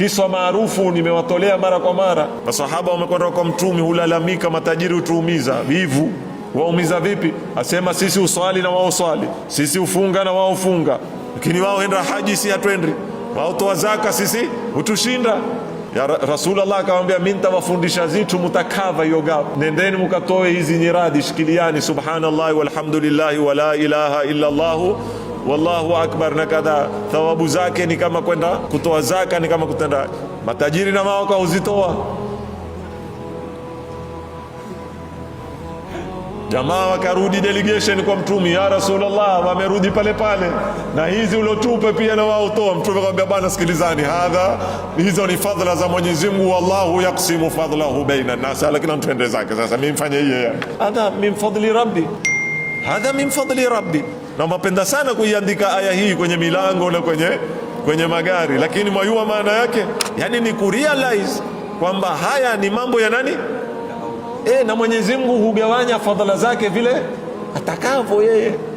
kiswa maarufu nimewatolea mara kwa mara. Masahaba wamekwenda kwa Mtume, hulalamika matajiri hutuumiza, vivu waumiza vipi? Asema sisi uswali na wao swali, sisi ufunga na wao funga, lakini wao enda haji, si hatwendi, wao toa zaka, sisi hutushinda. Ya Rasulullah akamwambia, mimi nitawafundisha zitu mutakava hiyo gap, nendeni mukatoe hizi nyiradi, shikiliani subhanallahi walhamdulillahi wala ilaha illa Allah wallahu akbar na kadha, thawabu zake ni kama kwenda kutoa zaka, ni kama kutenda. Matajiri na mawaka huzitoa. Jamaa wakarudi delegation kwa mtumi ya Rasulullah, wamerudi pale pale na hizi uliotupe pia na wao toa. Mtume akamwambia, bana sikilizani, hadha hizo ni fadhila za Mwenyezi Mungu, wallahu yaksimu fadlahu baina nas, lakini mtu zake. Sasa mimi mfanye hiye, hadha min fadli rabbi, hadha min fadli rabbi na mapenda sana kuiandika aya hii kwenye milango na kwenye, kwenye magari, lakini mwayua maana yake, yani ni kurealize kwamba haya ni mambo ya nani e, na Mwenyezi Mungu hugawanya fadhala zake vile atakavyo yeye.